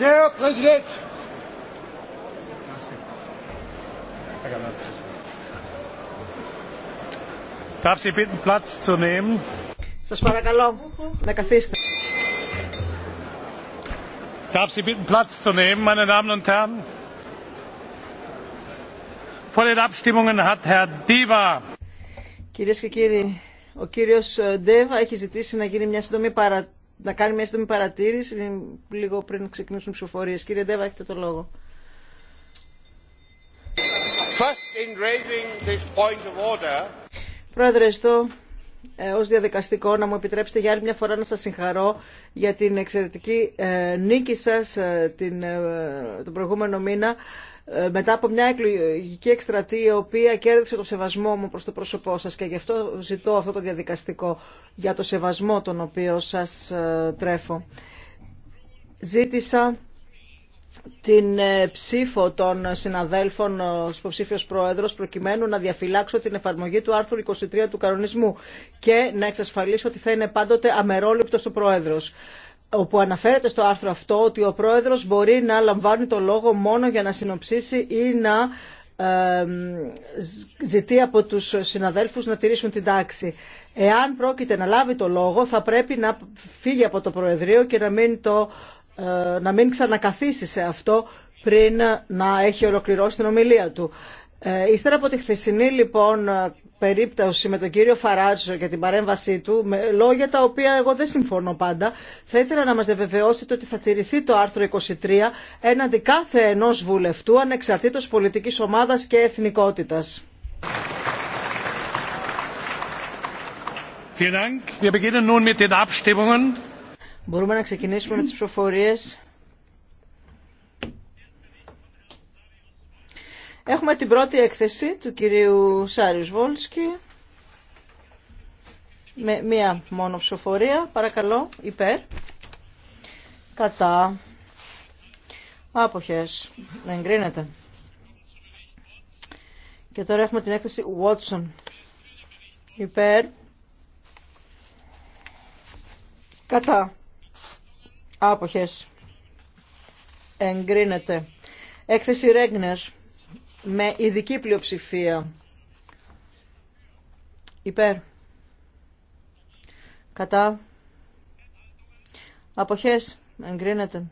Der Präsident! Darf Sie bitten, Platz zu nehmen? Σας παρακαλώ να καθίσετε. Darf Sie bitten, Platz zu nehmen, meine Damen und Herren? Vor den Abstimmungen hat Herr Diva. Κυρίες και κύριοι, ο κύριος Ντέβα έχει ζητήσει να γίνει μια σύντομη παρατήρηση να κάνει μια σύντομη παρατήρηση λίγο πριν ξεκινήσουν οι ψηφοφορίες. Κύριε Ντέβα, έχετε το λόγο. First in this point of order. Πρόεδρε, στο ε, ως διαδικαστικό να μου επιτρέψετε για άλλη μια φορά να σας συγχαρώ για την εξαιρετική ε, νίκη σας ε, ε, τον προηγούμενο μήνα ε, μετά από μια εκλογική εκστρατεία η οποία κέρδισε το σεβασμό μου προς το πρόσωπό σας και γι' αυτό ζητώ αυτό το διαδικαστικό για το σεβασμό τον οποίο σας ε, τρέφω. Ζήτησα την ε, ψήφο των συναδέλφων ως υποψήφιος πρόεδρος προκειμένου να διαφυλάξω την εφαρμογή του άρθρου 23 του κανονισμού και να εξασφαλίσω ότι θα είναι πάντοτε αμερόληπτος ο πρόεδρος όπου αναφέρεται στο άρθρο αυτό ότι ο πρόεδρος μπορεί να λαμβάνει το λόγο μόνο για να συνοψίσει ή να ζητεί από τους συναδέλφους να τηρήσουν την τάξη. Εάν πρόκειται να λάβει το λόγο θα πρέπει να φύγει από το Προεδρείο και να μην, το, ε, να μην ξανακαθίσει σε αυτό πριν να έχει ολοκληρώσει την ομιλία του. Ε, ύστερα από τη χθεσινή λοιπόν ε, περίπτωση με τον κύριο Φαράτζο για την παρέμβασή του, με λόγια τα οποία εγώ δεν συμφωνώ πάντα, θα ήθελα να μας διαβεβαιώσετε ότι θα τηρηθεί το άρθρο 23 έναντι κάθε ενός βουλευτού ανεξαρτήτως πολιτικής ομάδας και εθνικότητας. Μπορούμε να ξεκινήσουμε με τις προφορίες. Έχουμε την πρώτη έκθεση του κυρίου Σάριου Βόλσκι με μία μόνο ψηφοφορία. Παρακαλώ, υπέρ. Κατά. Άποχες. Εγκρίνεται. Και τώρα έχουμε την έκθεση Watson. Υπέρ. Κατά. Άποχες. Εγκρίνεται. Έκθεση ρέγνερ με ειδική πλειοψηφία. Υπέρ. Κατά. Αποχές. Εγκρίνεται.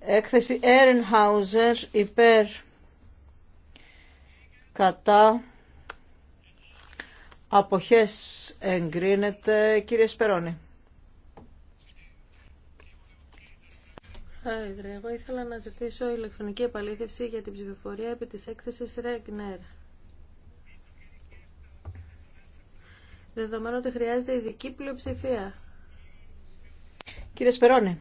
Έκθεση Ehrenhauser υπέρ κατά αποχές εγκρίνεται. Κύριε Σπερώνη. Πρόεδρε, εγώ ήθελα να ζητήσω ηλεκτρονική επαλήθευση για την ψηφοφορία επί της έκθεσης Ρέγνερ. Δεδομένου ότι χρειάζεται ειδική πλειοψηφία. Κύριε Σπερώνη,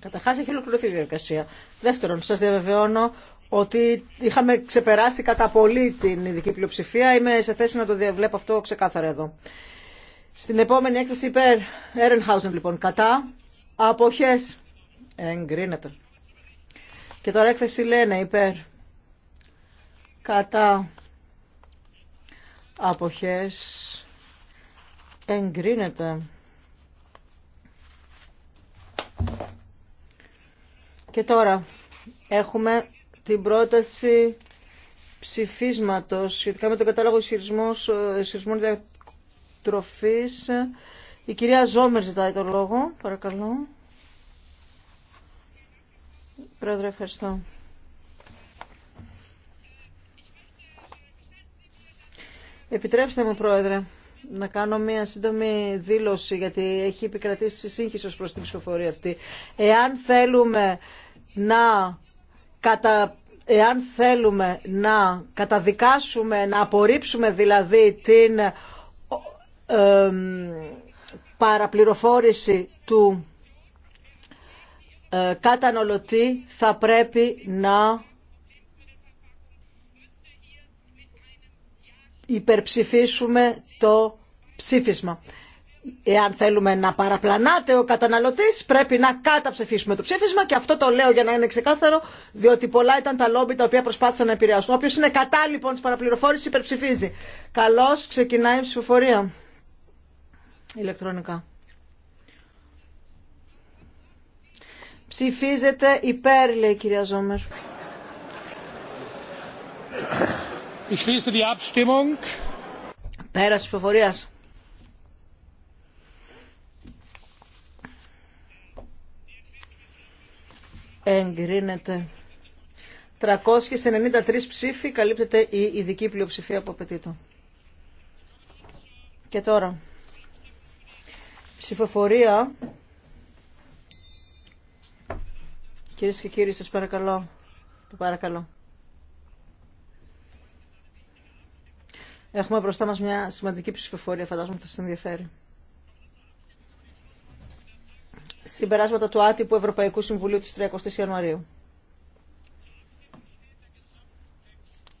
καταρχάς έχει ολοκληρωθεί η διαδικασία. Δεύτερον, σας διαβεβαιώνω ότι είχαμε ξεπεράσει κατά πολύ την ειδική πλειοψηφία. Είμαι σε θέση να το διαβλέπω αυτό ξεκάθαρα εδώ. Στην επόμενη έκθεση υπέρ Έρενχάουσεν λοιπόν κατά Αποχές. Εγκρίνεται. Και τώρα έκθεση λένε υπέρ. Κατά. Αποχές. Εγκρίνεται. Και τώρα έχουμε την πρόταση ψηφίσματος σχετικά με τον κατάλογο ισχυρισμό ε, διατροφής η κυρία Ζόμερ ζητάει το λόγο. Παρακαλώ. Πρόεδρε, ευχαριστώ. Επιτρέψτε μου, Πρόεδρε, να κάνω μια σύντομη δήλωση, γιατί έχει επικρατήσει σύγχυση ως προς την ψηφοφορία αυτή. Εάν θέλουμε να κατα... Εάν θέλουμε να καταδικάσουμε, να απορρίψουμε δηλαδή την παραπληροφόρηση του ε, καταναλωτή θα πρέπει να υπερψηφίσουμε το ψήφισμα. Εάν θέλουμε να παραπλανάται ο καταναλωτής πρέπει να καταψηφίσουμε το ψήφισμα και αυτό το λέω για να είναι ξεκάθαρο διότι πολλά ήταν τα λόμπι τα οποία προσπάθησαν να επηρεάσουν. Όποιος είναι κατά λοιπόν της παραπληροφόρησης υπερψηφίζει. Καλώς ξεκινάει η ψηφοφορία ηλεκτρονικά. Ψηφίζεται υπέρ, λέει η κυρία Ζόμερ. Ich schließe die Abstimmung. Πέρας Εγκρίνεται. 393 ψήφοι καλύπτεται η ειδική πλειοψηφία που απαιτείται. Και τώρα ψηφοφορία. Κυρίες και κύριοι, σας παρακαλώ. Το παρακαλώ. Έχουμε μπροστά μας μια σημαντική ψηφοφορία, φαντάζομαι θα σας ενδιαφέρει. Συμπεράσματα του άτυπου Ευρωπαϊκού Συμβουλίου της 30 Ιανουαρίου.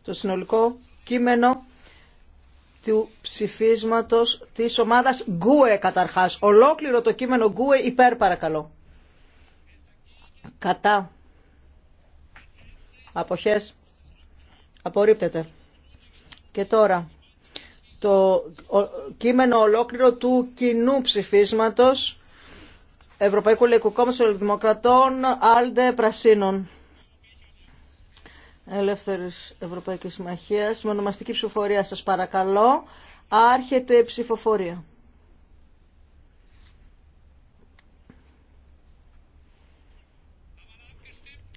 Το συνολικό κείμενο του ψηφίσματος της ομάδας Γκούε καταρχάς. Ολόκληρο το κείμενο ΓΚΟΕ υπέρ παρακαλώ. Κατά. Αποχές. Απορρίπτεται. Και τώρα το κείμενο ολόκληρο του κοινού ψηφίσματος Ευρωπαϊκού Λαϊκού Κόμματος Δημοκρατών Άλντε Πρασίνων. Ελεύθερης Ευρωπαϊκής Συμμαχίας. Με ονομαστική ψηφοφορία σας παρακαλώ. Άρχεται ψηφοφορία.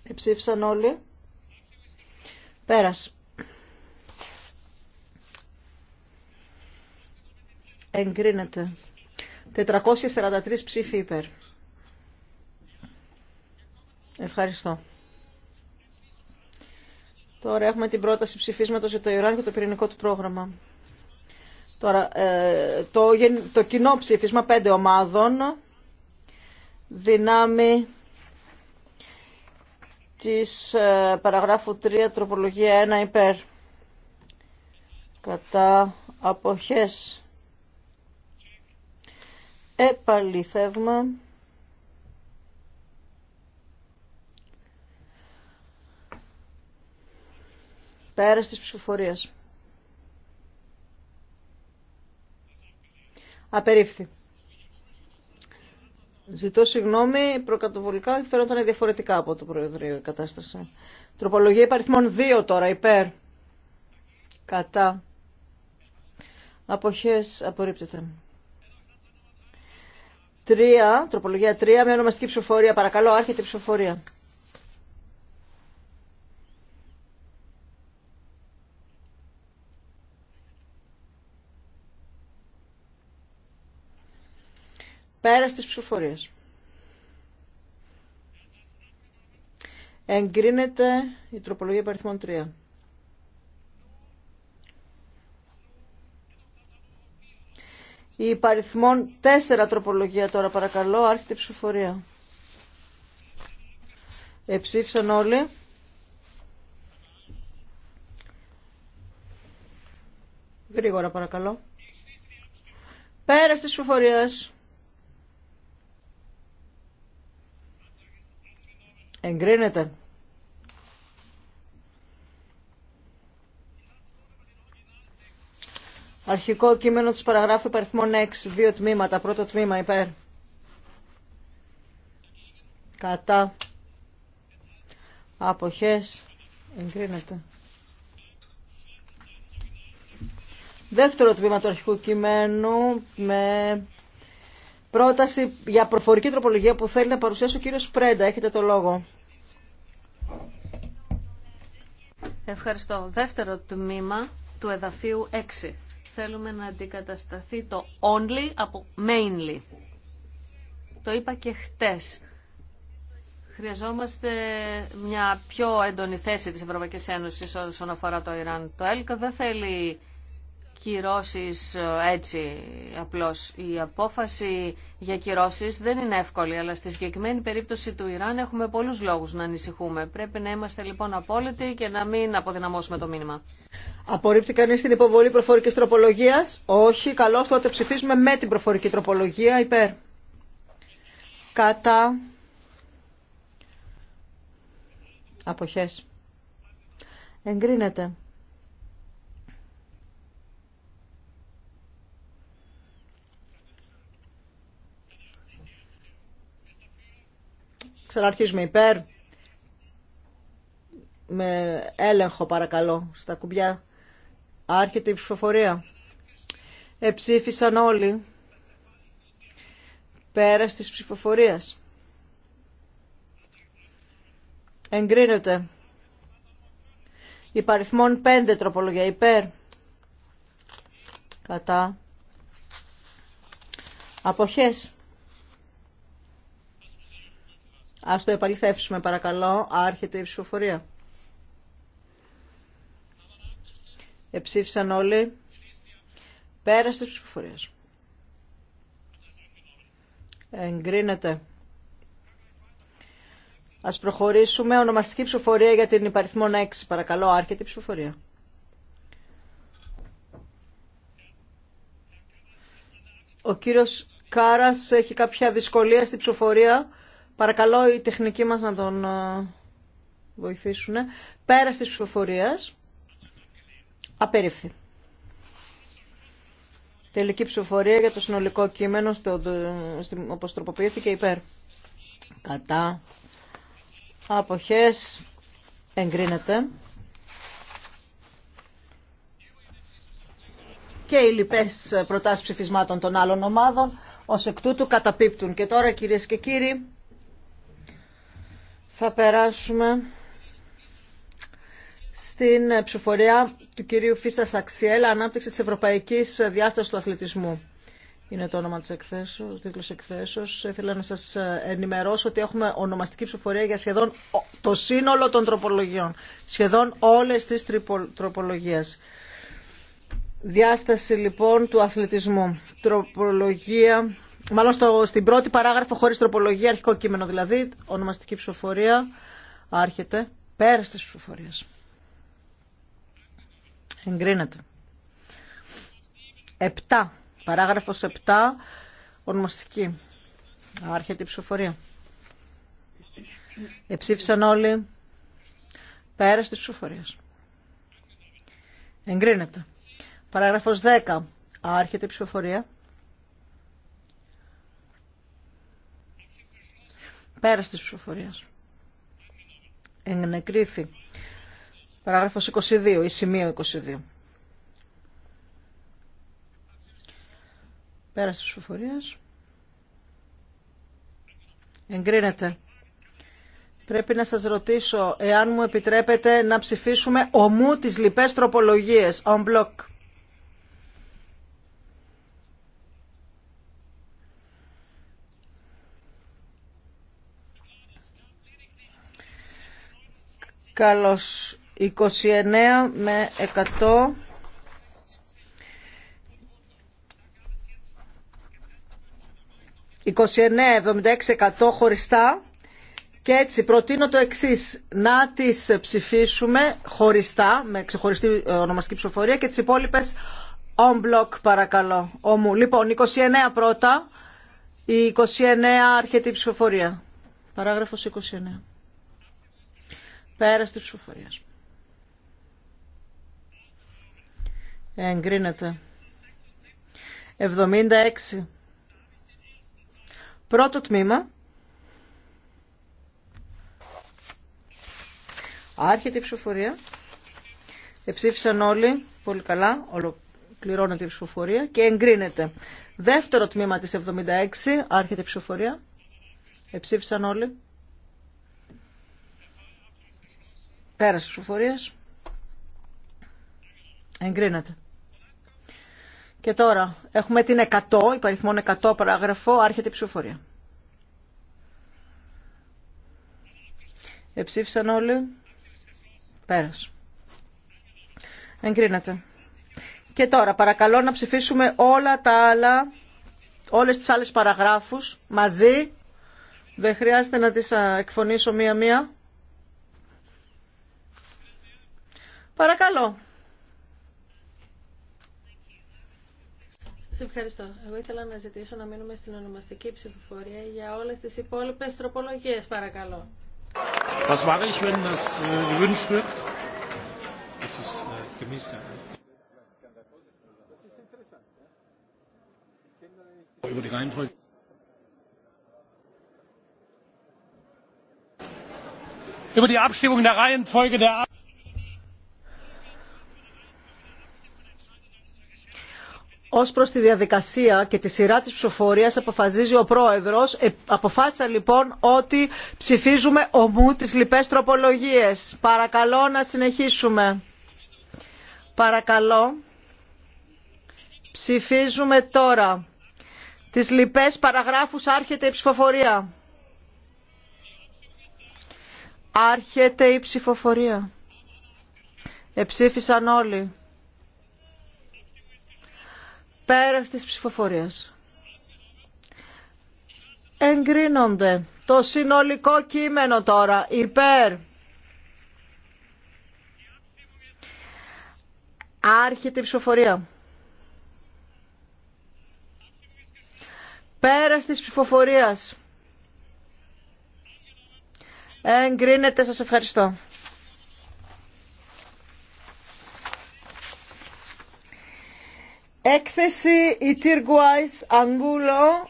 Εψήφισαν όλοι. Πέρας. Εγκρίνεται. 443 ψήφοι υπέρ. Ευχαριστώ. Τώρα έχουμε την πρόταση ψηφίσματος για το Ιράν και το πυρηνικό του πρόγραμμα. Τώρα, ε, το, το κοινό ψήφισμα πέντε ομάδων δυνάμει της ε, παραγράφου 3 τροπολογία 1 υπέρ κατά αποχές επαληθεύμα Πέρας τη ψηφοφορία. Απερίφθη. Ζητώ συγγνώμη, προκαταβολικά φαίνονταν διαφορετικά από το Προεδρείο η κατάσταση. Τροπολογία υπαριθμών 2 τώρα, υπέρ. Κατά. Αποχές απορρίπτεται. Τρία. τροπολογία 3, με ονομαστική ψηφοφορία. Παρακαλώ, άρχεται η ψηφοφορία. Πέρα στις ψηφοφορίες. Εγκρίνεται η τροπολογία παριθμών 3. Η υπαριθμών 4 τροπολογία τώρα παρακαλώ, άρχεται η ψηφοφορία. Εψήφισαν όλοι. Γρήγορα παρακαλώ. Πέρα στις ψηφοφορία. Εγκρίνεται. Αρχικό κείμενο της παραγράφου υπαριθμών 6, δύο τμήματα, πρώτο τμήμα υπέρ. Κατά. Αποχές. Εγκρίνεται. Δεύτερο τμήμα του αρχικού κειμένου με πρόταση για προφορική τροπολογία που θέλει να παρουσιάσει ο κύριος Πρέντα. Έχετε το λόγο. Ευχαριστώ. Δεύτερο τμήμα του εδαφίου 6. Θέλουμε να αντικατασταθεί το only από mainly. Το είπα και χτες. Χρειαζόμαστε μια πιο έντονη θέση της Ευρωπαϊκής Ένωσης όσον αφορά το Ιράν. Το ΕΛΚΑ δεν θέλει κυρώσεις ε, έτσι απλώς. Η απόφαση για κυρώσεις δεν είναι εύκολη, αλλά στη συγκεκριμένη περίπτωση του Ιράν έχουμε πολλούς λόγους να ανησυχούμε. Πρέπει να είμαστε λοιπόν απόλυτοι και να μην αποδυναμώσουμε το μήνυμα. Απορρίπτει κανείς την υποβολή προφορικής τροπολογίας. Όχι, καλώ τότε ψηφίσουμε με την προφορική τροπολογία υπέρ. Κατά. Αποχές. Εγκρίνεται. αρχίζουμε υπέρ. Με έλεγχο παρακαλώ στα κουμπιά. Άρχεται η ψηφοφορία. Εψήφισαν όλοι. Πέρας της ψηφοφορίας. Εγκρίνεται. Υπαριθμών πέντε τροπολογία υπέρ. Κατά. Αποχές. Ας το επαληθεύσουμε παρακαλώ. Άρχεται η ψηφοφορία. Εψήφισαν όλοι. Πέρασε τη ψηφοφορία. Εγκρίνεται. Ας προχωρήσουμε. Ονομαστική ψηφοφορία για την υπαριθμό 6. Παρακαλώ, άρχεται η ψηφοφορία. Ο κύριος Κάρας έχει κάποια δυσκολία στην ψηφοφορία. Παρακαλώ οι τεχνικοί μας να τον ε, βοηθήσουν. Πέρα της ψηφοφορίας, απερίφθη. Τελική ψηφοφορία για το συνολικό κείμενο, στο, όπως τροποποιήθηκε, υπέρ. Κατά. Αποχές. Εγκρίνεται. και οι λοιπές προτάσεις ψηφισμάτων των άλλων ομάδων. Ως εκ τούτου καταπίπτουν. Και τώρα κυρίες και κύριοι... Θα περάσουμε στην ψηφορία του κυρίου Φίσα Σαξιέλα, ανάπτυξη της Ευρωπαϊκής Διάστασης του Αθλητισμού. Είναι το όνομα της εκθέσεως, τίτλος εκθέσεως. Ήθελα να σας ενημερώσω ότι έχουμε ονομαστική ψηφορία για σχεδόν το σύνολο των τροπολογιών. Σχεδόν όλες τις τροπολογίες. Διάσταση λοιπόν του αθλητισμού. Τροπολογία μάλλον στο, στην πρώτη παράγραφο χωρί τροπολογία, αρχικό κείμενο δηλαδή, ονομαστική ψηφοφορία, άρχεται, πέρα της ψηφοφορίας. Εγκρίνεται. 7. Παράγραφος 7. Ονομαστική. Άρχεται η ψηφοφορία. Εψήφισαν όλοι. Πέρα της ψηφοφορίας. Εγκρίνεται. Παράγραφος 10. Άρχεται η ψηφοφορία. Πέρας της ψηφοφορία. Εγνεκρίθη. Παράγραφος 22 ή σημείο 22. Πέρας της ψηφοφορίας. Εγκρίνεται. Πρέπει να σας ρωτήσω εάν μου επιτρέπετε να ψηφίσουμε ομού τις λοιπές τροπολογίες, on block. Καλώς 29 με 100. εκατό χωριστά και έτσι προτείνω το εξής να τις ψηφίσουμε χωριστά με ξεχωριστή ε, ονομαστική ψηφοφορία και τις υπόλοιπες on block παρακαλώ ομού. Λοιπόν, 29 πρώτα, η 29 άρχεται ψηφοφορία. Παράγραφος 29. Πέρας της ψηφοφορίας. Εγκρίνεται. 76. Πρώτο τμήμα. Άρχεται η ψηφοφορία. Εψήφισαν όλοι. Πολύ καλά. Ολοκληρώνεται η ψηφοφορία και εγκρίνεται. Δεύτερο τμήμα της 76. Άρχεται η ψηφοφορία. Εψήφισαν όλοι. Πέρασε ψηφοφορία. Εγκρίνεται. Και τώρα έχουμε την 100, υπαριθμόν 100 παράγραφο, άρχεται η ψηφοφορία. Εψήφισαν όλοι. Πέρασε. Εγκρίνεται. Και τώρα παρακαλώ να ψηφίσουμε όλα τα άλλα, όλες τις άλλες παραγράφους μαζί. Δεν χρειάζεται να τις εκφωνήσω μία-μία. Παρακαλώ. Σε ευχαριστώ. Εγώ ήθελα να ζητήσω να μείνουμε στην ονομαστική ψηφοφορία για όλες τις υπόλοιπες τροπολογίες, παρακαλώ. Was mache ich, wenn das äh, gewünscht wird? Das ist äh, gemäß der Über die Reihenfolge. Über die Abstimmung der Reihenfolge der Ω προ τη διαδικασία και τη σειρά τη ψηφοφορία αποφασίζει ο πρόεδρο. Ε, αποφάσισα λοιπόν ότι ψηφίζουμε ομού τι λοιπέ τροπολογίε. Παρακαλώ να συνεχίσουμε. Παρακαλώ. Ψηφίζουμε τώρα. Τις λοιπές παραγράφους άρχεται η ψηφοφορία. Άρχεται η ψηφοφορία. Εψήφισαν όλοι. Πέρας της ψηφοφορίας. Εγκρίνονται το συνολικό κείμενο τώρα υπέρ. Άρχεται η ψηφοφορία. Πέρας της ψηφοφορίας. Εγκρίνεται, σας ευχαριστώ. Έκθεση Ιτήργουάης Αγγούλο.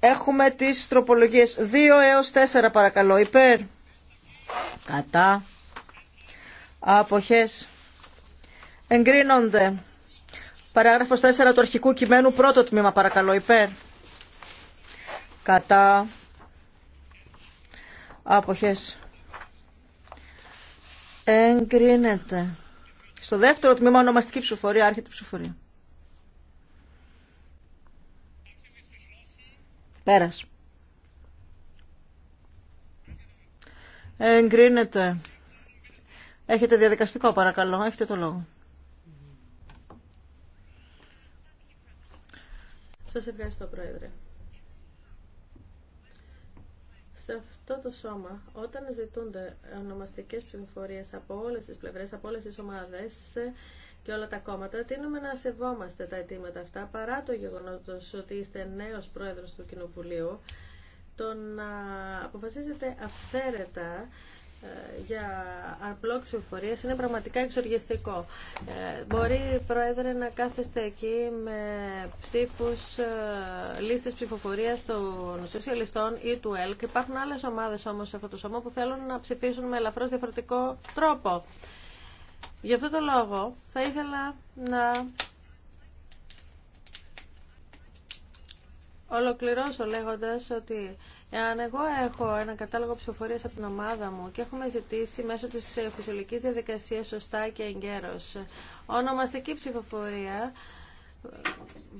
Έχουμε τις τροπολογίες 2 έως 4 παρακαλώ. Υπέρ. Κατά. Αποχές. Εγκρίνονται. Παράγραφος 4 του αρχικού κειμένου. Πρώτο τμήμα παρακαλώ. Υπέρ. Κατά. Αποχές. Εγκρίνεται. Στο δεύτερο τμήμα ονομαστική ψηφοφορία, άρχεται η ψηφοφορία. Πέρας. Εγκρίνεται. Έχετε διαδικαστικό παρακαλώ, έχετε το λόγο. Σας ευχαριστώ Πρόεδρε σε αυτό το σώμα, όταν ζητούνται ονομαστικές πληροφορίε από όλες τις πλευρές, από όλες τις ομάδες και όλα τα κόμματα, τείνουμε να σεβόμαστε τα αιτήματα αυτά, παρά το γεγονός ότι είστε νέος πρόεδρος του Κοινοβουλίου, το να αποφασίζετε αυθαίρετα για απλό ψηφοφορία είναι πραγματικά εξοργιστικό. Ε, μπορεί, Πρόεδρε, να κάθεστε εκεί με ψήφους, ε, λίστες ψηφοφορίας των σοσιαλιστών ή του ΕΛΚ. Υπάρχουν άλλες ομάδες όμως σε αυτό το σώμα που θέλουν να ψηφίσουν με ελαφρώς διαφορετικό τρόπο. Γι' αυτό το λόγο θα ήθελα να ολοκληρώσω λέγοντα ότι εάν εγώ έχω ένα κατάλογο ψηφοφορία από την ομάδα μου και έχουμε ζητήσει μέσω τη φυσιολογικής διαδικασία σωστά και εγκαίρω ονομαστική ψηφοφορία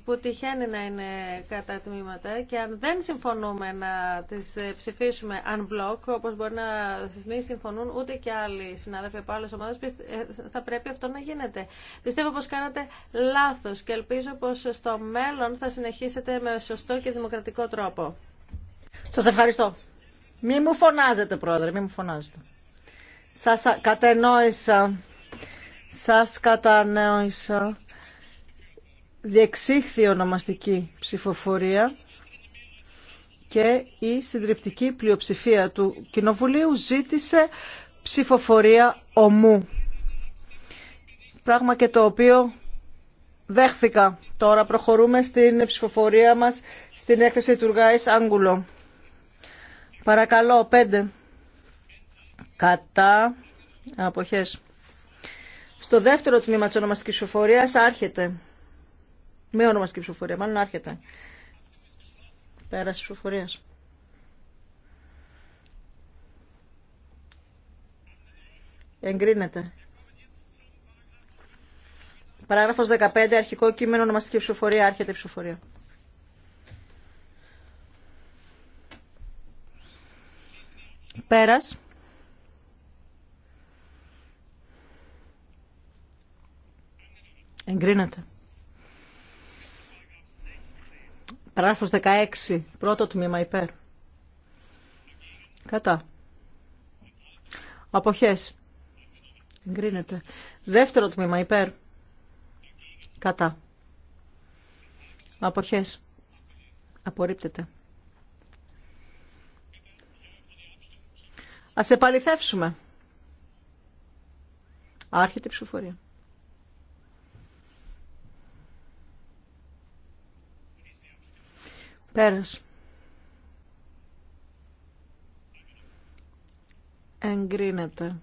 που τυχαίνει να είναι κατά τμήματα και αν δεν συμφωνούμε να τις ε, ψηφίσουμε unblock, όπως μπορεί να μην συμφωνούν ούτε και άλλοι συνάδελφοι από άλλες ομάδες, ε, θα πρέπει αυτό να γίνεται. Πιστεύω πως κάνατε λάθος και ελπίζω πως στο μέλλον θα συνεχίσετε με σωστό και δημοκρατικό τρόπο. Σας ευχαριστώ. Μη μου φωνάζετε, Πρόεδρε, μη μου φωνάζετε. Σας κατενόησα. Σας κατανόησα διεξήχθη ονομαστική ψηφοφορία και η συντριπτική πλειοψηφία του Κοινοβουλίου ζήτησε ψηφοφορία ομού. Πράγμα και το οποίο δέχθηκα. Τώρα προχωρούμε στην ψηφοφορία μας στην έκθεση του Ργάης Άγγουλο. Παρακαλώ, πέντε. Κατά αποχές. Στο δεύτερο τμήμα της ονομαστικής ψηφοφορίας άρχεται. Με ονομαστική ψηφοφορία, μάλλον άρχεται. Πέραση ψηφοφορία. Εγκρίνεται. Παράγραφος 15, αρχικό κείμενο, ονομαστική ψηφοφορία, άρχεται η ψηφοφορία. Πέρας. Εγκρίνεται. Παράγραφος 16, πρώτο τμήμα υπέρ. Κατά. Αποχές. Εγκρίνεται. Δεύτερο τμήμα υπέρ. Κατά. Αποχές. Απορρίπτεται. Ας επαληθεύσουμε. Άρχεται η ψηφοφορία. Πέρας. Εγκρίνεται.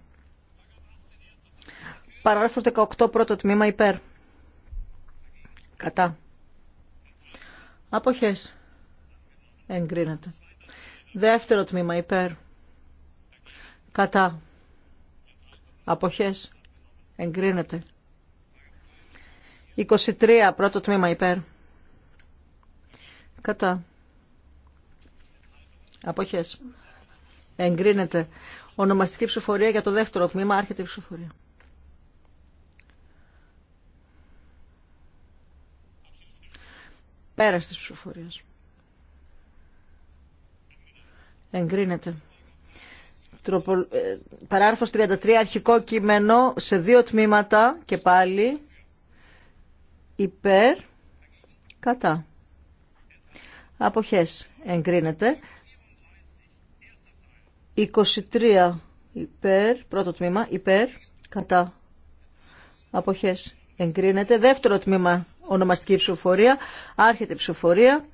Παράγραφος 18 πρώτο τμήμα υπέρ. Κατά. Αποχές. Εγκρίνεται. Δεύτερο τμήμα υπέρ. Κατά. Αποχές. Εγκρίνεται. 23 πρώτο τμήμα υπέρ. Κατά. Αποχές. Εγκρίνεται. Ονομαστική ψηφοφορία για το δεύτερο τμήμα. Άρχεται η ψηφοφορία. Πέρας τη ψηφοφορία. Εγκρίνεται. Τροπο... 33, ε, αρχικό κείμενο σε δύο τμήματα και πάλι υπέρ, κατά αποχές εγκρίνεται. 23 υπέρ, πρώτο τμήμα, υπέρ, κατά, αποχές εγκρίνεται. Δεύτερο τμήμα, ονομαστική ψηφοφορία, άρχεται ψηφοφορία,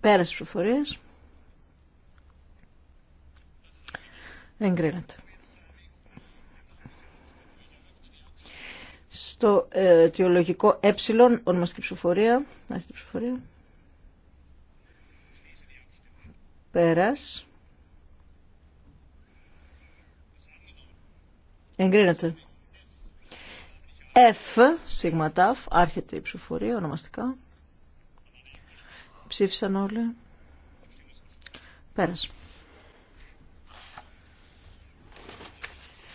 πέρας ψηφοφορίας, εγκρίνεται. στο ε, αιτιολογικό ε, ονομαστική ψηφοφορία, άρχιτη ψηφορία. πέρας, εγκρίνεται. F, σίγμα ταφ, άρχεται η ψηφοφορία ονομαστικά. Ψήφισαν όλοι. Πέρας.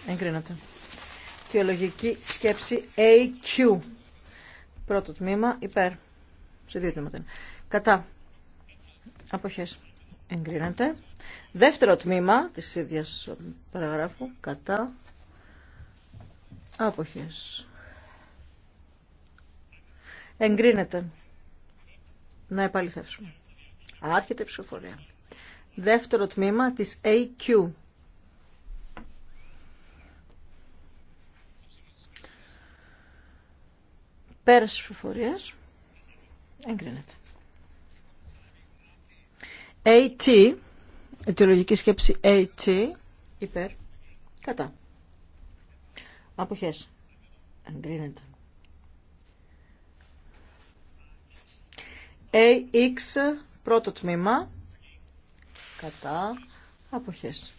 Εγκρίνεται θεολογική σκέψη AQ. Πρώτο τμήμα υπέρ. Σε δύο τμήματα. Κατά. Αποχές. Εγκρίνεται. Δεύτερο τμήμα της ίδιας παραγράφου. Κατά. Αποχές. Εγκρίνεται. Να επαληθεύσουμε. Άρχεται η ψηφοφορία. Δεύτερο τμήμα της AQ. Πέρασε Εγκρίνεται. AT, ε αιτιολογική σκέψη AT, ε υπέρ, κατά. Αποχές. Εγκρίνεται. AX, ε πρώτο τμήμα, κατά. Αποχές.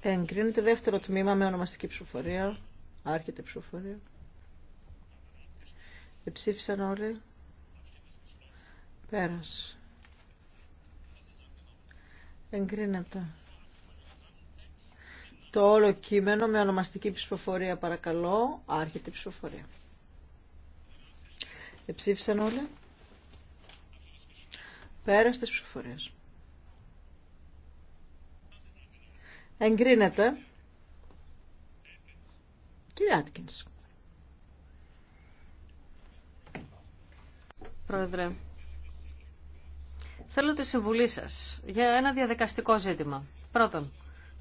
Εγκρίνεται δεύτερο τμήμα με ονομαστική ψηφοφορία. Άρχεται ψηφοφορία. Εψήφισαν όλοι. Πέρας. Εγκρίνεται. Το όλο κείμενο με ονομαστική ψηφοφορία παρακαλώ. Άρχεται η ψηφοφορία. Εψήφισαν όλοι. Πέρας της ψηφοφορίας. Εγκρίνεται. Κύριε Άτκινς. Πρόεδρε. Θέλω τη συμβουλή σας για ένα διαδικαστικό ζήτημα. Πρώτον,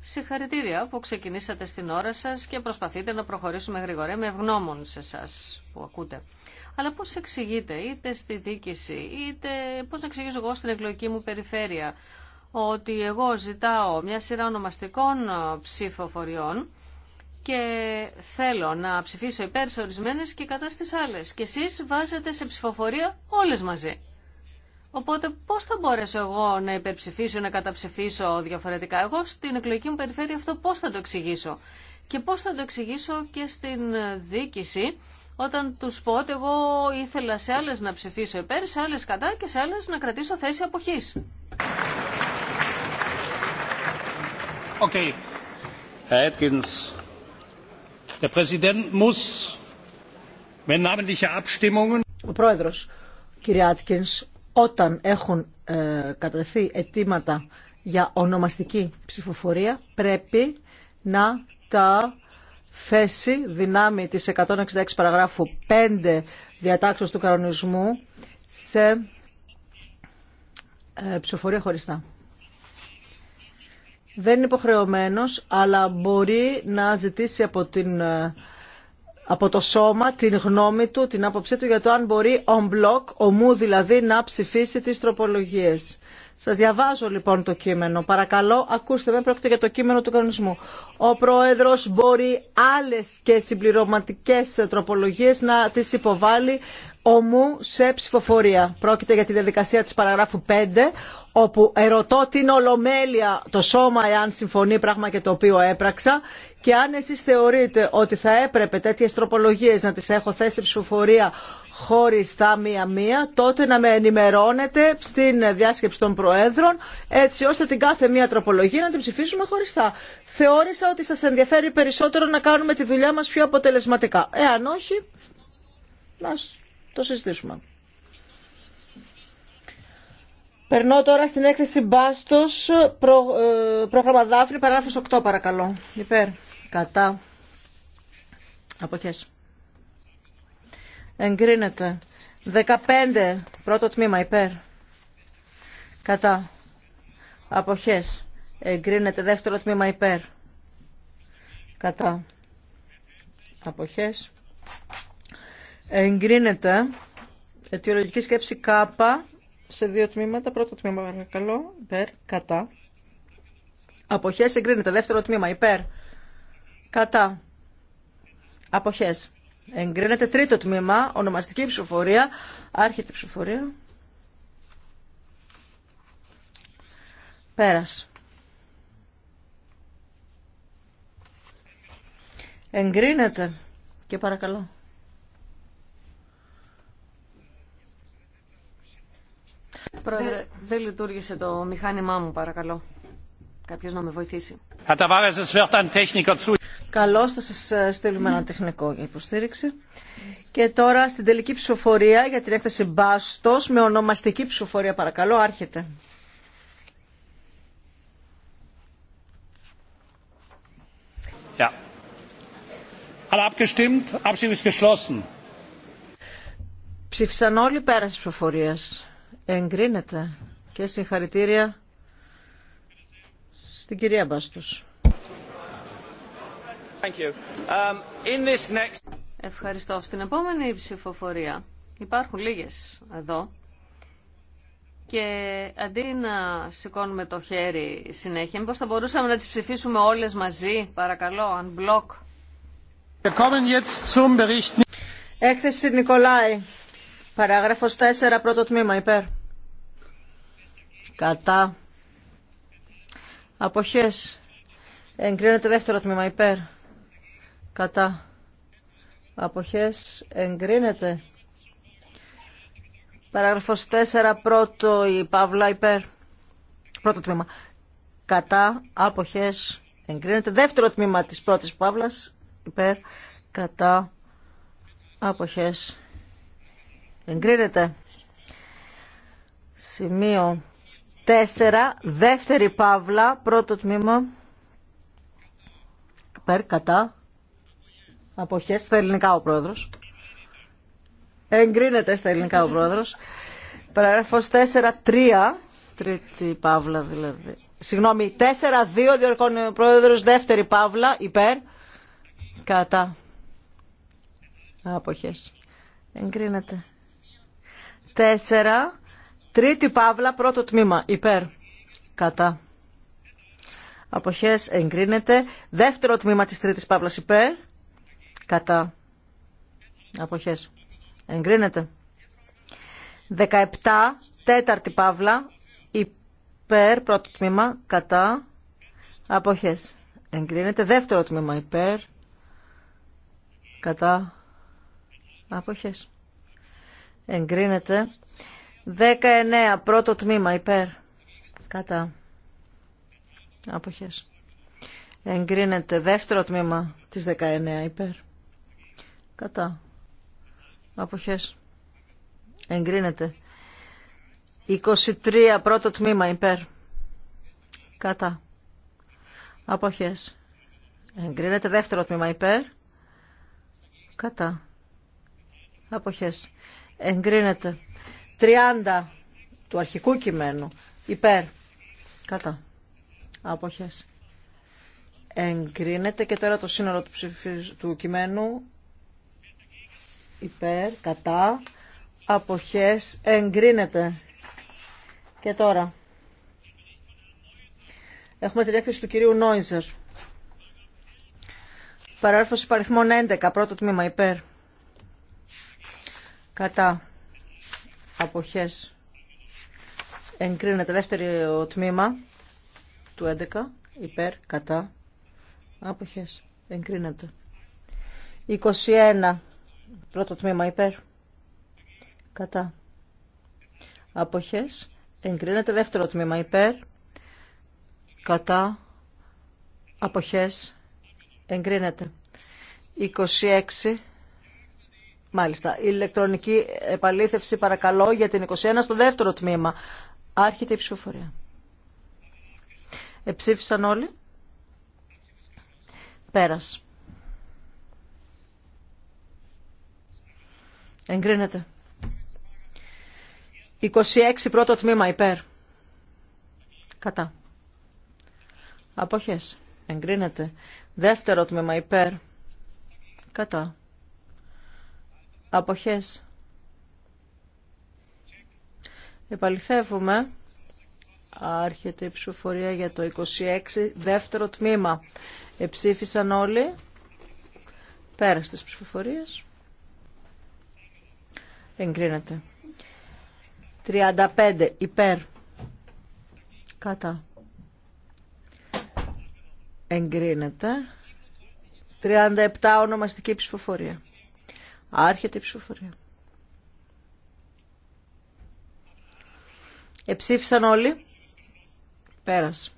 συγχαρητήρια που ξεκινήσατε στην ώρα σας και προσπαθείτε να προχωρήσουμε γρήγορα με ευγνώμων σε εσά που ακούτε. Αλλά πώς εξηγείτε είτε στη δίκηση, είτε πώς να εξηγήσω εγώ στην εκλογική μου περιφέρεια ότι εγώ ζητάω μια σειρά ονομαστικών ψηφοφοριών και θέλω να ψηφίσω υπέρ σε ορισμένε και κατά στι άλλε. Και εσεί βάζετε σε ψηφοφορία όλε μαζί. Οπότε πώ θα μπορέσω εγώ να υπερψηφίσω, να καταψηφίσω διαφορετικά. Εγώ στην εκλογική μου περιφέρεια αυτό πώ θα το εξηγήσω. Και πώ θα το εξηγήσω και στην δίκηση όταν του πω ότι εγώ ήθελα σε άλλε να ψηφίσω υπέρ, σε άλλε κατά και σε άλλε να κρατήσω θέση αποχή. Okay. Ο Πρόεδρος, κύριε Άτκινς, όταν έχουν ε, ετίματα αιτήματα για ονομαστική ψηφοφορία, πρέπει να τα θέσει δυνάμει της 166 παραγράφου 5 διατάξεως του κανονισμού σε ε, ψηφοφορία χωριστά δεν είναι υποχρεωμένος, αλλά μπορεί να ζητήσει από, την, ε, από το σώμα την γνώμη του, την άποψή του για το αν μπορεί on ο ομού δηλαδή, να ψηφίσει τις τροπολογίες. Σας διαβάζω λοιπόν το κείμενο. Παρακαλώ, ακούστε με, πρόκειται για το κείμενο του κανονισμού. Ο Πρόεδρος μπορεί άλλες και συμπληρωματικές τροπολογίες να τις υποβάλει ομού σε ψηφοφορία. Πρόκειται για τη διαδικασία της παραγράφου 5, όπου ερωτώ την Ολομέλεια το σώμα εάν συμφωνεί πράγμα και το οποίο έπραξα και αν εσείς θεωρείτε ότι θα έπρεπε τέτοιες τροπολογίες να τις έχω θέσει ψηφοφορία χωριστά μία-μία, τότε να με ενημερώνετε στην διάσκεψη των Προέδρων, έτσι ώστε την κάθε μία τροπολογία να την ψηφίσουμε χωριστά. Θεώρησα ότι σας ενδιαφέρει περισσότερο να κάνουμε τη δουλειά μας πιο αποτελεσματικά. Εάν όχι, να το συζητήσουμε. Περνώ τώρα στην έκθεση Μπάστος, προ, ε, πρόγραμμα Δάφνη, παράγραφος 8 παρακαλώ. Υπέρ, κατά, αποχές. Εγκρίνεται. 15, πρώτο τμήμα, υπέρ, κατά, αποχές. Εγκρίνεται δεύτερο τμήμα υπέρ. Κατά. Αποχές. Εγκρίνεται αιτιολογική σκέψη ΚΑΠΑ σε δύο τμήματα. Πρώτο τμήμα, παρακαλώ, υπέρ, κατά. Αποχές εγκρίνεται. Δεύτερο τμήμα, υπέρ, κατά. Αποχές. Εγκρίνεται τρίτο τμήμα, ονομαστική ψηφοφορία, άρχιτη ψηφοφορία. Πέρας. Εγκρίνεται. Και παρακαλώ. Πρόεδρε, δεν λειτουργήσε το μηχάνημά μου, παρακαλώ. Κάποιος να με βοηθήσει. Καλώ, θα σα ε, στείλουμε ένα τεχνικό για υποστήριξη. Και τώρα στην τελική ψηφοφορία για την έκθεση Μπάστο με ονομαστική ψηφοφορία, παρακαλώ, άρχεται. Ja. Ψήφισαν όλοι πέρα τη ψηφοφορία εγκρίνεται και συγχαρητήρια στην κυρία Μπάστος. Um, Ευχαριστώ. Στην επόμενη ψηφοφορία υπάρχουν λίγες εδώ και αντί να σηκώνουμε το χέρι συνέχεια, μήπως θα μπορούσαμε να τις ψηφίσουμε όλες μαζί, παρακαλώ, αν μπλοκ. Έκθεση Νικολάη. Παράγραφος 4, πρώτο τμήμα, υπέρ. Κατά. Αποχές. Εγκρίνεται δεύτερο τμήμα, υπέρ. Κατά. Αποχές. Εγκρίνεται. Παράγραφος 4, πρώτο, η Παύλα, υπέρ. Πρώτο τμήμα. Κατά. Αποχές. Εγκρίνεται δεύτερο τμήμα της πρώτης Παύλας, υπέρ. Κατά. Αποχές Εγκρίνεται. Σημείο 4. Δεύτερη παύλα. Πρώτο τμήμα. Περ, κατά. Αποχές. Στα ελληνικά ο πρόεδρος. Εγκρίνεται στα ελληνικά ο πρόεδρος. Παραγράφος 4-3. Τρίτη παύλα δηλαδή. Συγγνώμη, 4-2 διορκώνει ο πρόεδρος, δεύτερη παύλα, υπέρ, κατά. Αποχές. Εγκρίνεται. Τέσσερα. τρίτη παύλα, πρώτο τμήμα, υπέρ, κατά. Αποχές εγκρίνεται. Δεύτερο τμήμα της τρίτης παύλας υπέρ, κατά. Αποχές εγκρίνεται. Δεκαεπτά. τέταρτη παύλα, υπέρ, πρώτο τμήμα, κατά. Αποχές εγκρίνεται. Δεύτερο τμήμα υπέρ, κατά. Αποχές. Εγκρίνεται. 19. Πρώτο τμήμα. Υπέρ. Κατά. Αποχές. Εγκρίνεται. Δεύτερο τμήμα της 19. Υπέρ. Κατά. Αποχές. Εγκρίνεται. 23. Πρώτο τμήμα. Υπέρ. Κατά. Αποχές. Εγκρίνεται. Δεύτερο τμήμα. Υπέρ. Κατά. Αποχές εγκρίνεται 30 του αρχικού κειμένου υπέρ κατά άποχες εγκρίνεται και τώρα το σύνολο του, του κειμένου υπέρ κατά αποχές εγκρίνεται και τώρα έχουμε τη έκθεση του κυρίου Νόιζερ Παράγραφος παριθμών 11, πρώτο τμήμα υπέρ κατά αποχές εγκρίνεται δεύτερο τμήμα του 11 υπέρ κατά αποχές εγκρίνεται 21 πρώτο τμήμα υπέρ κατά αποχές εγκρίνεται δεύτερο τμήμα υπέρ κατά αποχές εγκρίνεται 26 Μάλιστα. Η ηλεκτρονική επαλήθευση παρακαλώ για την 21 στο δεύτερο τμήμα. Άρχεται η ψηφοφορία. Εψήφισαν όλοι. Πέρας. Εγκρίνεται. 26 πρώτο τμήμα υπέρ. Κατά. Αποχές. Εγκρίνεται. Δεύτερο τμήμα υπέρ. Κατά. Αποχές. Επαληθεύουμε. Άρχεται η ψηφοφορία για το 26, δεύτερο τμήμα. Εψήφισαν όλοι. Πέρα στις ψηφοφορίες. Εγκρίνεται. 35 υπέρ. Κατά. Εγκρίνεται. 37 ονομαστική ψηφοφορία. Άρχεται η ψηφοφορία. Εψήφισαν όλοι. Πέρας.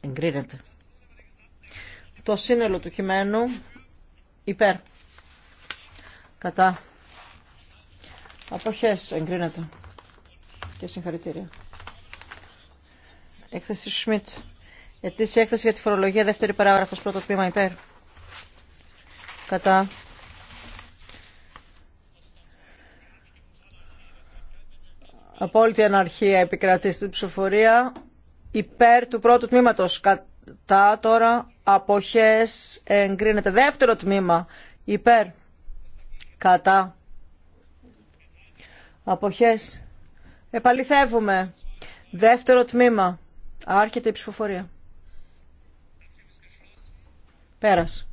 Εγκρίνεται. Το σύνολο του κειμένου υπέρ. Κατά. Αποχές εγκρίνεται. Και συγχαρητήρια. Έκθεση Σμιτ. Ετήσια έκθεση για τη φορολογία, δεύτερη παράγραφος, πρώτο τμήμα υπέρ κατά απόλυτη αναρχία επικρατεί στην ψηφοφορία υπέρ του πρώτου τμήματος κατά τώρα αποχές εγκρίνεται δεύτερο τμήμα υπέρ κατά αποχές επαληθεύουμε δεύτερο τμήμα άρχεται η ψηφοφορία Πέρασε.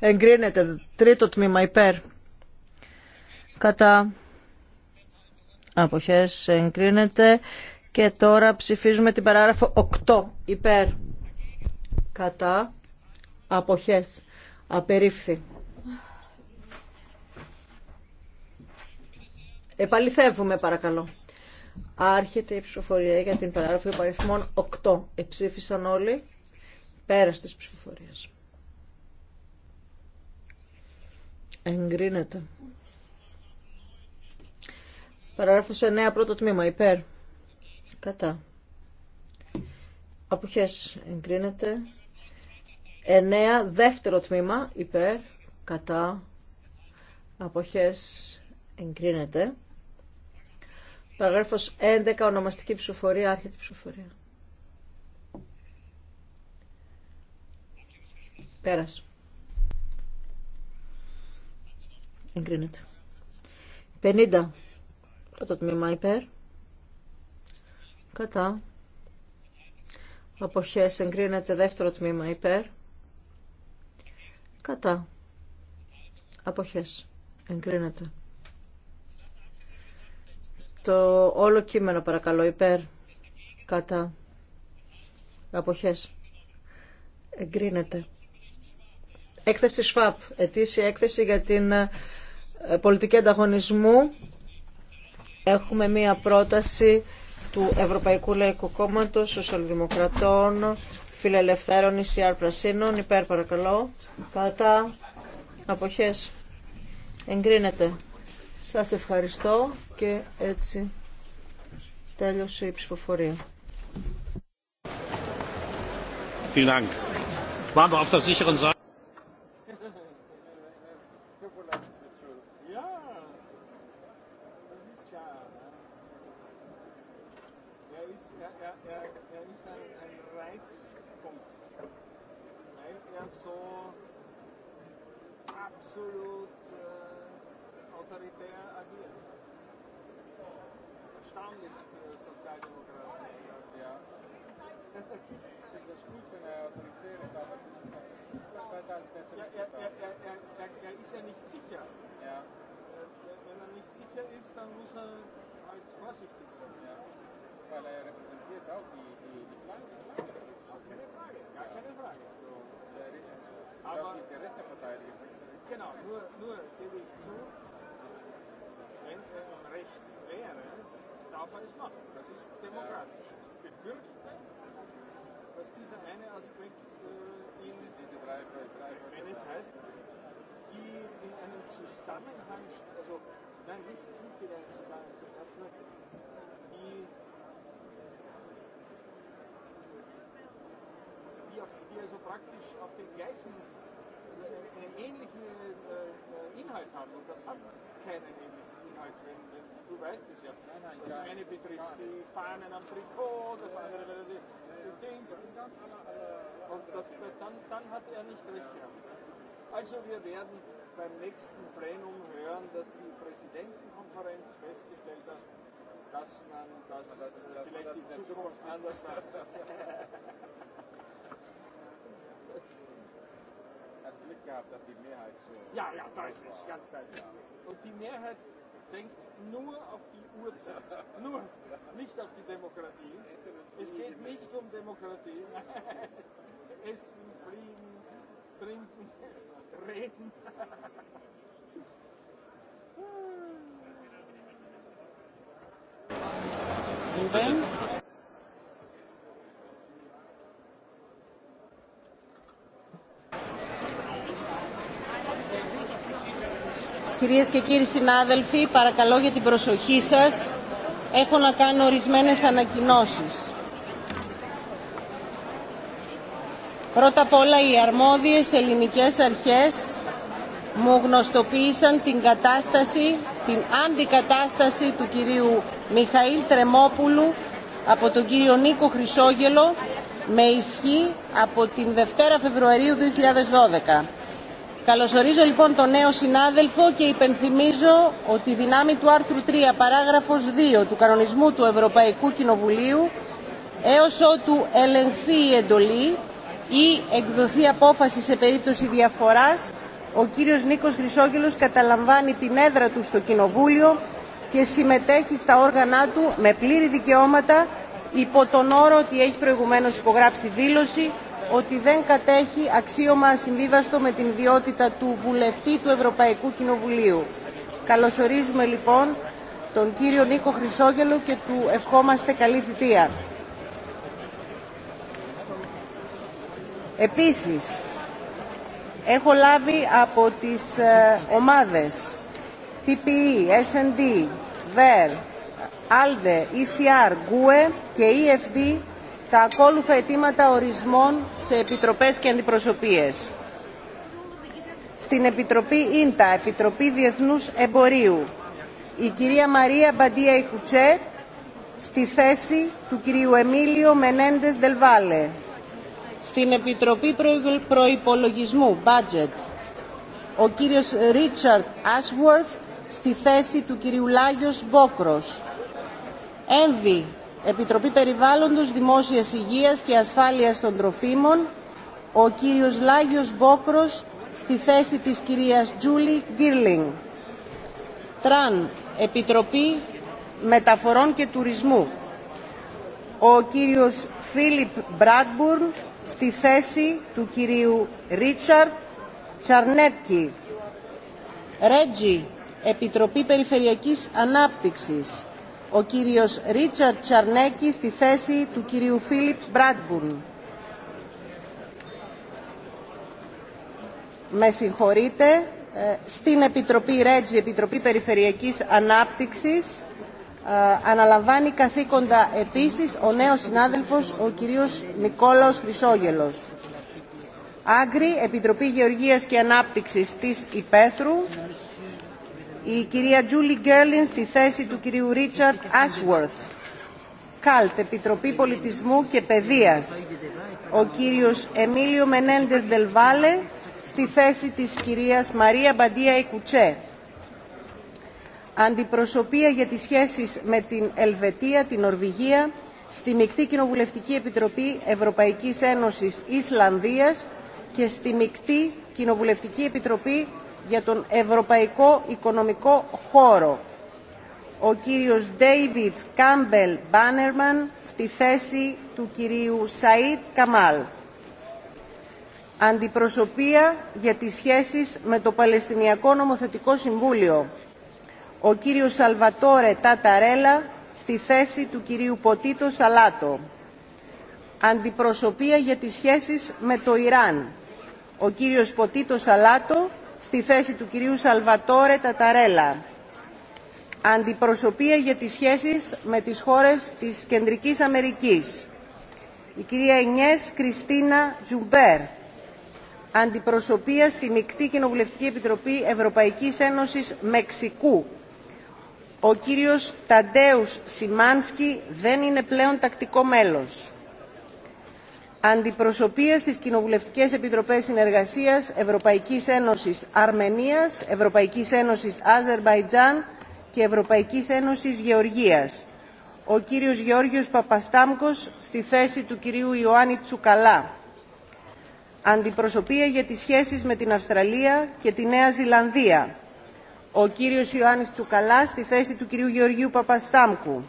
εγκρίνεται. Τρίτο τμήμα υπέρ. Κατά αποχές εγκρίνεται. Και τώρα ψηφίζουμε την παράγραφο 8 υπέρ. Κατά αποχές απερίφθη. Επαληθεύουμε παρακαλώ. Άρχεται η ψηφοφορία για την παράγραφο υπαριθμών 8. Εψήφισαν όλοι πέρα της ψηφοφορίας. Εγκρίνεται. Παραγράφος 9 πρώτο τμήμα. Υπέρ. Κατά. Αποχές. Εγκρίνεται. 9 δεύτερο τμήμα. Υπέρ. Κατά. Αποχές. Εγκρίνεται. Παραγράφος 11 ονομαστική ψηφοφορία. Άρχεται ψηφοφορία. Πέρασε. Εγκρίνεται. 50. Πρώτο τμήμα υπέρ. Κατά. Αποχές εγκρίνεται δεύτερο τμήμα υπέρ. Κατά. Αποχές εγκρίνεται. Το όλο κείμενο παρακαλώ υπέρ. Κατά. Αποχές εγκρίνεται. Έκθεση ΣΦΑΠ, ετήσια έκθεση για την ε, πολιτική ανταγωνισμού έχουμε μία πρόταση του Ευρωπαϊκού Λαϊκού Κόμματος, Σοσιαλδημοκρατών, Φιλελευθέρων, ΙΣΙΑΡ Πρασίνων. Υπέρ παρακαλώ. Κατά. Αποχές. Εγκρίνεται. Σας ευχαριστώ και έτσι τέλειωσε η ψηφοφορία. Vielen Dank. Waren Aber Interesse verteidigen. Genau, nur, nur gebe ich zu, wenn er im Recht wäre, darf er es machen. Das ist demokratisch. Ich befürchte, dass dieser eine Aspekt äh, in, diese drei, drei, drei, wenn es heißt, die in einem Zusammenhang, also nein, nicht, nicht in einem Zusammenhang, die die, also praktisch auf den gleichen, einen ähnlichen Inhalt haben. Und das hat keinen ähnlichen Inhalt, wenn, wenn du weißt es ja. Das eine betrifft die Fahnen am Trikot, das andere die, die Dings. Und das, dann, dann hat er nicht recht gehabt. Also wir werden beim nächsten Plenum hören, dass die Präsidentenkonferenz festgestellt hat, dass man das, vielleicht in Zukunft anders macht. Glück gehabt, dass die Mehrheit so. Ja, ja, deutlich, ganz deutlich. Und die Mehrheit denkt nur auf die Uhrzeit, nur, nicht auf die Demokratie. Es geht nicht um Demokratie. Essen, Frieden, Trinken, Reden. Κυρίες και κύριοι συνάδελφοι, παρακαλώ για την προσοχή σας. Έχω να κάνω ορισμένες ανακοινώσεις. Πρώτα απ' όλα οι αρμόδιες ελληνικές αρχές μου γνωστοποίησαν την κατάσταση, την αντικατάσταση του κυρίου Μιχαήλ Τρεμόπουλου από τον κύριο Νίκο Χρυσόγελο με ισχύ από την Δευτέρα Φεβρουαρίου 2012. Καλωσορίζω λοιπόν τον νέο συνάδελφο και υπενθυμίζω ότι δυνάμη του άρθρου 3 παράγραφος 2 του κανονισμού του Ευρωπαϊκού Κοινοβουλίου έως ότου ελεγχθεί η εντολή ή εκδοθεί απόφαση σε περίπτωση διαφοράς ο κύριος Νίκος Χρυσόγελος καταλαμβάνει την έδρα του στο Κοινοβούλιο και συμμετέχει στα όργανά του με πλήρη δικαιώματα υπό τον όρο ότι έχει προηγουμένως υπογράψει δήλωση ότι δεν κατέχει αξίωμα ασυμβίβαστο με την ιδιότητα του βουλευτή του Ευρωπαϊκού Κοινοβουλίου. Καλωσορίζουμε λοιπόν τον κύριο Νίκο Χρυσόγελο και του ευχόμαστε καλή θητεία. Επίσης, έχω λάβει από τις ε, ομάδες PPE, S&D, VER, ALDE, ECR, GUE και EFD τα ακόλουθα αιτήματα ορισμών σε επιτροπές και αντιπροσωπείες. Στην Επιτροπή Ίντα, Επιτροπή Διεθνούς Εμπορίου, η κυρία Μαρία Μπαντία Ικουτσέ στη θέση του κυρίου Εμίλιο Μενέντες Δελβάλε. Στην Επιτροπή Προϋπολογισμού, Budget, ο κύριος Ρίτσαρτ Ashworth στη θέση του κυρίου Λάγιος Μπόκρος. Έμβη, Επιτροπή Περιβάλλοντος, Δημόσιας Υγείας και Ασφάλειας των Τροφίμων, ο κύριος Λάγιος Μπόκρος στη θέση της κυρίας Τζούλη Γκίρλινγκ. Τραν, Επιτροπή Μεταφορών και Τουρισμού, ο κύριος Φίλιπ Μπράτμπουρν στη θέση του κυρίου Ρίτσαρτ Τσαρνέτκι. Ρέτζι, Επιτροπή Περιφερειακής Ανάπτυξης, ο κύριος Ρίτσαρτ Τσαρνέκη στη θέση του κυρίου Φίλιπ Μπράτμπουρν. Με συγχωρείτε, ε, στην Επιτροπή Ρέτζη, Επιτροπή Περιφερειακής Ανάπτυξης, ε, αναλαμβάνει καθήκοντα επίσης ο νέος συνάδελφος, ο κύριος Νικόλαος Χρυσόγελος. Άγκρη, Επιτροπή Γεωργίας και Ανάπτυξης της Υπέθρου, η κυρία Τζούλι Γκέρλιν στη θέση του κυρίου Ρίτσαρτ Άσουορθ. Καλτ, Επιτροπή Πολιτισμού και Παιδείας. Ο κύριος Εμίλιο Μενέντες Δελβάλε στη θέση της κυρίας Μαρία Μπαντία Εκουτσέ. Αντιπροσωπεία για τις σχέσεις με την Ελβετία, την Ορβηγία στη Μικτή Κοινοβουλευτική Επιτροπή Ευρωπαϊκής Ένωσης Ισλανδίας και στη Μικτή Κοινοβουλευτική Επιτροπή για τον Ευρωπαϊκό Οικονομικό Χώρο ο κύριος David Campbell Bannerman στη θέση του κυρίου Σαΐτ Καμάλ. Αντιπροσωπεία για τις σχέσεις με το Παλαιστινιακό Νομοθετικό Συμβούλιο ο κύριος Σαλβατόρε Ταταρέλα στη θέση του κυρίου Ποτίτο Σαλάτο. Αντιπροσωπεία για τις σχέσεις με το Ιράν ο κύριος Ποτίτο Σαλάτο στη θέση του κυρίου Σαλβατόρε Ταταρέλα. Αντιπροσωπεία για τις σχέσεις με τις χώρες της Κεντρικής Αμερικής. Η κυρία Ινιές Κριστίνα Τζουμπέρ. Αντιπροσωπεία στη Μικτή Κοινοβουλευτική Επιτροπή Ευρωπαϊκής Ένωσης Μεξικού. Ο κύριος Ταντέους Σιμάνσκι δεν είναι πλέον τακτικό μέλος. Αντιπροσωπεία στις κοινοβουλευτικές επιτροπές συνεργασίας ευρωπαϊκής ένωσης αρμενίας ευρωπαϊκής ένωσης αζερβαϊτζάν και ευρωπαϊκής ένωσης γεωργίας ο κύριος Γεώργιος Παπαστάμκος στη θέση του κυρίου Ιωάννη Τσουκαλά αντιπροσωπεία για τις σχέσεις με την Αυστραλία και τη Νέα Ζηλανδία ο κύριος Ιωάννης Τσουκαλά στη θέση του κυρίου Γεωργίου Παπαστάμκου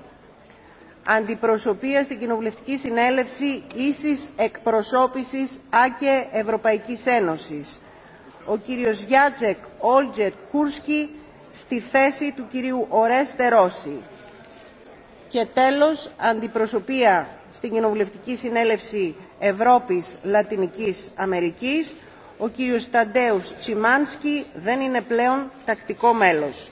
αντιπροσωπεία στην κοινοβουλευτική συνέλευση ίσης εκπροσώπησης άκε Ευρωπαϊκής Ένωσης. Ο κύριος Γιάτζεκ Όλτζερ Κούρσκι στη θέση του κυρίου Ορέστε Ρώση. Και τέλος, αντιπροσωπεία στην κοινοβουλευτική συνέλευση Ευρώπης Λατινικής Αμερικής, ο κύριος Ταντέους Τσιμάνσκι δεν είναι πλέον τακτικό μέλος.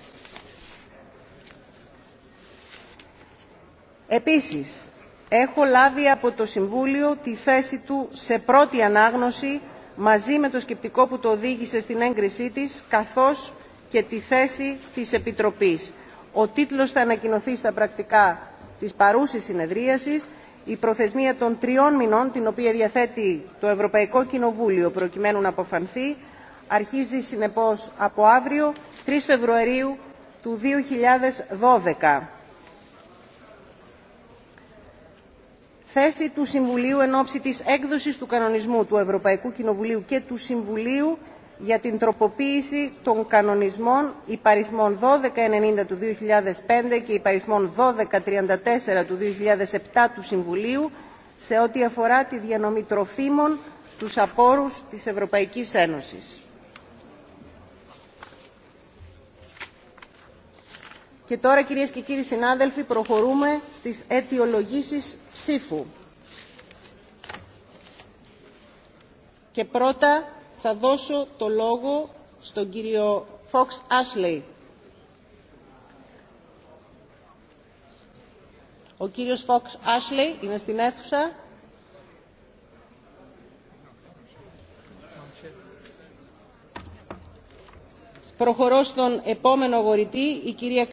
Επίσης, έχω λάβει από το Συμβούλιο τη θέση του σε πρώτη ανάγνωση μαζί με το σκεπτικό που το οδήγησε στην έγκρισή της, καθώς και τη θέση της Επιτροπής. Ο τίτλος θα ανακοινωθεί στα πρακτικά της παρούσης συνεδρίασης. Η προθεσμία των τριών μηνών, την οποία διαθέτει το Ευρωπαϊκό Κοινοβούλιο προκειμένου να αποφανθεί, αρχίζει συνεπώς από αύριο, 3 Φεβρουαρίου του 2012. θέση του Συμβουλίου εν ώψη της έκδοσης του κανονισμού του Ευρωπαϊκού Κοινοβουλίου και του Συμβουλίου για την τροποποίηση των κανονισμών υπαριθμών 1290 του 2005 και υπαριθμών 1234 του 2007 του Συμβουλίου σε ό,τι αφορά τη διανομή τροφίμων στους απόρους της Ευρωπαϊκής Ένωσης. Και τώρα κυρίες και κύριοι συνάδελφοι προχωρούμε στις αιτιολογήσεις ψήφου. Και πρώτα θα δώσω το λόγο στον κύριο Φόξ Άσλεϊ. Ο κύριος Φόξ Άσλεϊ είναι στην αίθουσα. Προχωρώ στον επόμενο γορητή, η κυρία